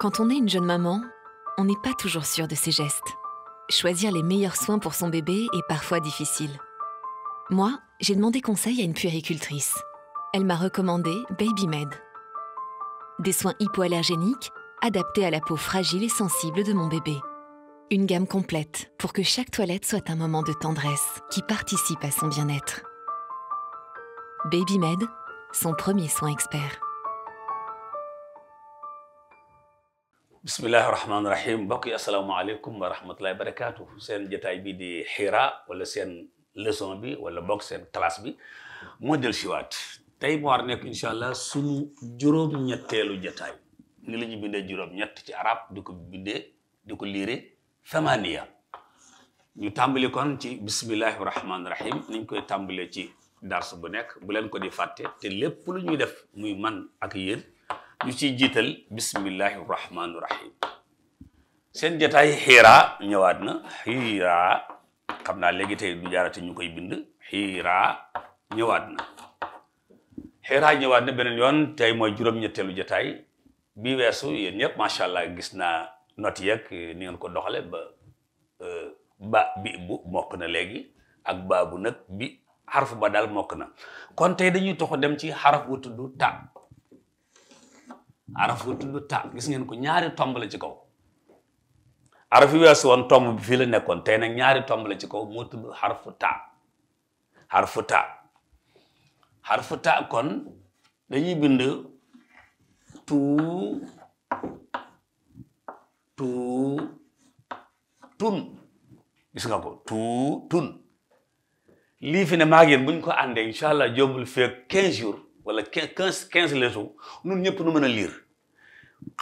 Quand on est une jeune maman, on n'est pas toujours sûr de ses gestes. Choisir les meilleurs soins pour son bébé est parfois difficile. Moi, j'ai demandé conseil à une puéricultrice. Elle m'a recommandé BabyMed. Des soins hypoallergéniques adaptés à la peau fragile et sensible de mon bébé. Une gamme complète pour que chaque toilette soit un moment de tendresse qui participe à son bien-être. BabyMed, son premier soin expert. bismillahi rahmaani rahim mbokk yi asalaamaaleykum wa rahmatullahi barakaatu seen jataay bi di xiira wala seen leçon bi wala bokk seen classe bi moo del siwaat tey mu war nekk incha allah suñu juróom-ñetteelu jataay ni la ñu bindee juróom-ñett ci arab di ko bindee di ko liire famaniya ñu tàmbali kon ci bismillahi rahmaani rahim niñ koy tàmbalee ci dars bu nekk bu leen ko di fàtte te lépp lu ñuy def muy man ak yéen ñu ciy jiital bismillahi rahmaani rahim seen jataay xiira ñëwaat na xiira xam naa léegi tey du jaarati ñu koy bind xiira ñëwaat na xiira ñëwaat na beneen yoon tey mooy juróom-ñetteelu jataay bi weesu yéen ñëpp macha allah gis naa not yeeg ni ko doxale ba euh, ba bi bu mokk na léegi ak baabu nag bi xarfu ba daal mokk na kon tey dañuy toxu dem ci xaraf wu tudd ta araf gu tudd ta gis ngeen ko ñaari tomb la ci kaw araf yu weesu woon tomb bi fii la nekkoon tey nag ñaari tomb la ci kaw moo tudd xarfu ta xarfu ta ta kon dañuy bind tu tu tun gis nga ko tu tun lii fi ne maa ngi buñ ko àndee incha allah jóobul feeg 15 jours. wala quinze quinze lettres ñun ñëpp nu mën a liir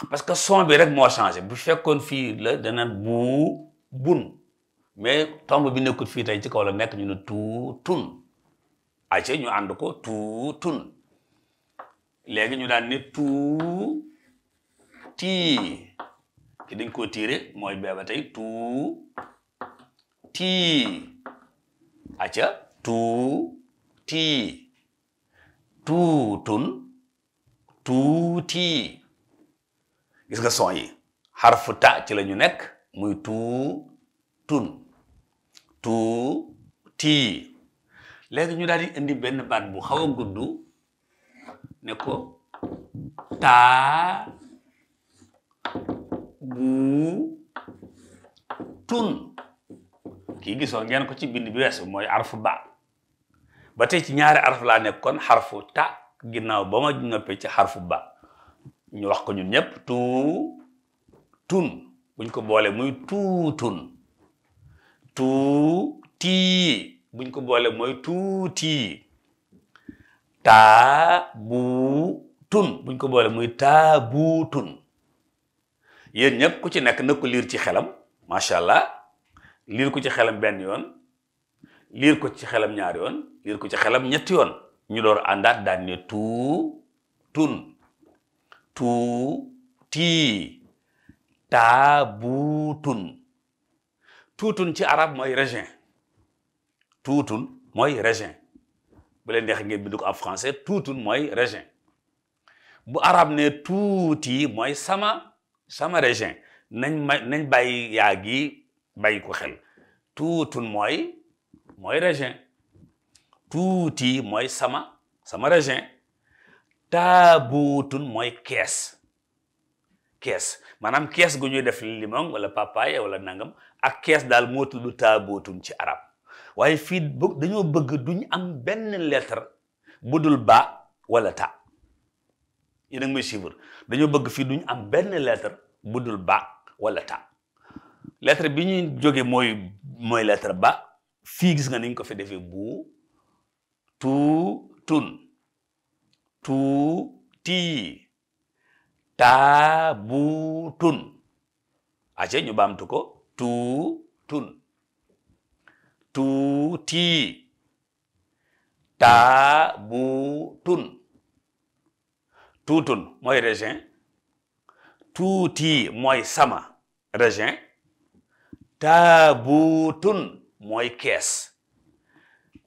parce que son bi rek moo changé bu fekkoon fii la dana bu bun mais tomb bi nekkul fii tey ci kaw la nekk ñu ne tuu tun ayca ñu ànd ko tuu tun léegi ñu daan ne tuu tii ki dañ koo tiire mooy beeba tey tuu tii acca tuu tii tuutun tuuti gis nga son yi xarfu ta ci la ñu nekk muy tuutun tuuti léegi ñu daal di indi benn baat bu xaw a gudd ne ko taa bu tun kii gisoon ngeen ko ci bind bi weesu mooy arfu ba ba tey ci ñaari araf laa nekk kon xarfu ta ginnaaw ba ma noppee ci xarfu ba ñu wax ko ñun ñëpp tuu tun buñ ko boole muy tuutun tuu tii buñ ko boole mooy tii taa buu tun buñ ko boole muy taa buu tun yéen ñëpp ku ci nekk na ko liir ci xelam macha allah liir ku ci xelam benn yoon liir ko ci xelam ñaari yoon liir ko ci xelam ñetti yoon ñu door àndaat daan ne tuu tun tuu tii taabutun tuutun ci arab mooy raisin tuutun mooy raisin bu leen neex ngeen bind ko en français tuutun mooy raisin bu arab ne tuuti mooy sama sama raisin nañ ma nañ bàyyi yaa gi bàyyi ko xel tuutun mooy mooy raisin tuuti mooy sama sama raisin taabuutun mooy kees kees maanaam kees gu ñuy def limon wala papaye wala nangam ak kees daal moo tudd taabuutun ci arab waaye fii dañoo bëgg duñ am benn lettre bu dul ba walla ta yéen a ngi may dañoo bëgg fii duñ am benn lettre bu dul ba wala ta lettre bi ñuy jóge mooy mooy lettre ba fii gis nga niñ ko fi defee bu tu tun tu tii taa bu tun ace ñu baamtu ko tu tun tu tii taa bu tun tuutun mooy raisin tuutii mooy sama raisin taa bu tun mooy kees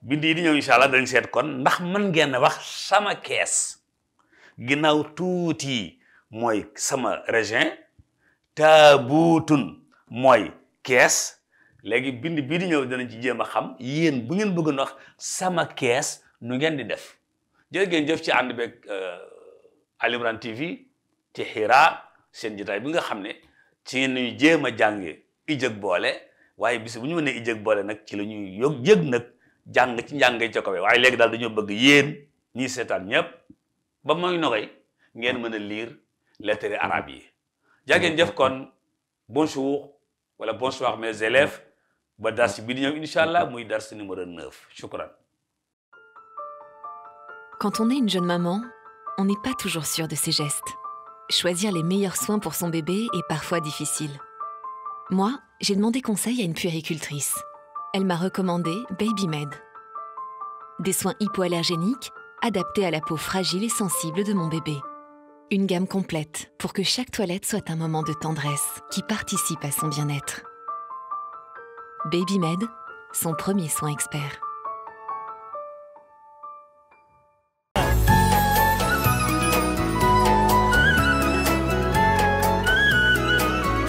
bind yi di ñëw incha allah dañ seet kon ndax man ngeen wax sama kees ginnaaw tuuti mooy sama région taabuutun mooy kees léegi bind bii di ñëw danañ ci jéem a xam yéen bu ngeen bëgg a sama kees nu ngeen di def jërë ngeen jëf ci ànd beeg euh, Ali Imran TV ci xiira seen jotaay bi nga xam ne ci ngeen ñuy jéem a jànge ijëg boole waaye bis bu ñu mënee ijëg boole nag ci la ñuy yóg yëg nag jàng ci njàngay ca kawe waaye léegi daal dañoo bëgg yéen ñii seetaan ñëpp ba mooy nogoy ngeen mën a liir lettre arabe yi jàngeen jëf kon bonjour wala bonsoir mes élèves ba dars bi di ñëw allah muy dars numéro 9 shukran Quand on est une jeune maman, on n'est pas toujours sûr de ses gestes. Choisir les meilleurs soins pour son bébé est parfois difficile. Moi, j'ai demandé conseil à une puéricultrice. Elle m'a recommandé BabyMed. Des soins hypoallergéniques adaptés à la peau fragile et sensible de mon bébé. Une gamme complète pour que chaque toilette soit un moment de tendresse qui participe à son bien-être. BabyMed, son premier soin expert.